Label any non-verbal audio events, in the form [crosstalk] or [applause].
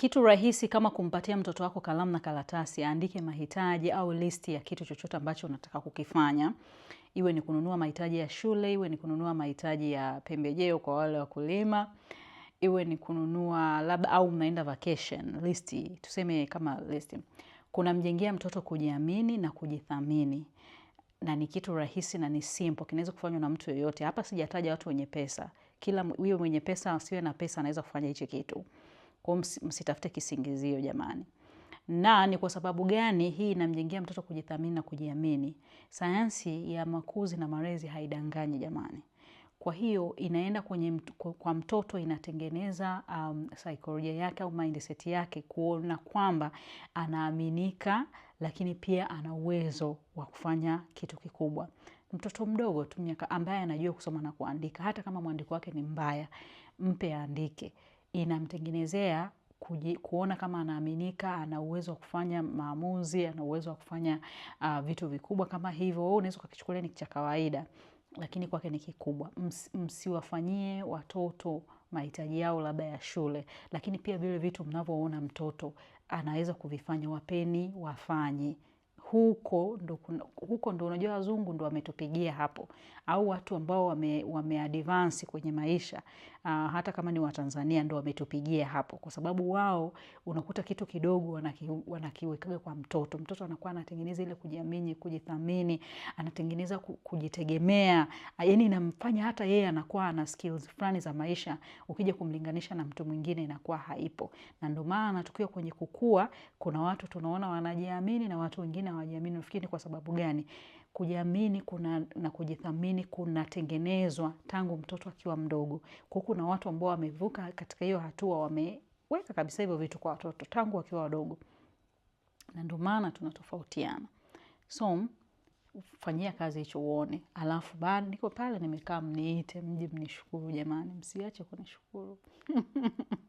kitu rahisi kama kumpatia mtoto wako kalamu na karatasi, aandike mahitaji au listi ya kitu chochote ambacho unataka kukifanya, iwe ni kununua mahitaji ya shule, iwe ni kununua mahitaji ya pembejeo kwa wale wakulima, iwe ni kununua labda au mnaenda vacation, listi tuseme kama listi, kunamjengea mtoto kujiamini na kujithamini na ni kitu rahisi na ni simple, kinaweza kufanywa na mtu yeyote. Hapa sijataja watu wenye pesa, kila wewe mwenye pesa asiwe na pesa anaweza kufanya hichi kitu. Kwa msitafute kisingizio jamani. Na ni kwa sababu gani hii inamjengea mtoto kujithamini na kujiamini? Sayansi ya makuzi na malezi haidanganyi jamani. Kwa hiyo inaenda kwenye mtu, kwa mtoto inatengeneza um, saikolojia yake au mindset yake kuona kwamba anaaminika, lakini pia ana uwezo wa kufanya kitu kikubwa. Mtoto mdogo tu miaka ambaye anajua kusoma na kuandika, hata kama mwandiko wake ni mbaya, mpe aandike inamtengenezea kuona kama anaaminika, ana uwezo wa kufanya maamuzi, ana uwezo wa kufanya uh, vitu vikubwa kama hivyo. Unaweza ukakichukulia ni cha kawaida, lakini kwake ni kikubwa. Msiwafanyie watoto mahitaji yao labda ya shule, lakini pia vile vitu mnavyoona mtoto anaweza kuvifanya, wapeni wafanye huko ndo, huko ndo unajua wazungu ndo wametupigia hapo, au watu ambao wame, wame advance kwenye maisha uh, hata kama ni Watanzania ndo wametupigia hapo, kwa sababu wao unakuta kitu kidogo wanaki, wanakiwekaga kwa mtoto. Mtoto anakuwa anatengeneza ile kujiamini, kujithamini, anatengeneza kujitegemea, ah, yani inamfanya hata yeye anakuwa ana skills fulani za maisha, ukija kumlinganisha na mtu mwingine inakuwa haipo, na ndio maana tukiwa kwenye kukua, kuna watu tunaona wanajiamini na watu wengine hawajiamini. Nafikiri kwa sababu gani? Kujiamini kuna na kujithamini kunatengenezwa tangu mtoto akiwa mdogo. Kwa kuna watu ambao wamevuka katika hiyo hatua, wameweka kabisa hivyo vitu kwa watoto tangu wakiwa wadogo, na ndio maana tunatofautiana. So fanyia kazi hicho uone, alafu baada niko pale nimekaa, mniite mje mnishukuru. Jamani, msiache kunishukuru [laughs]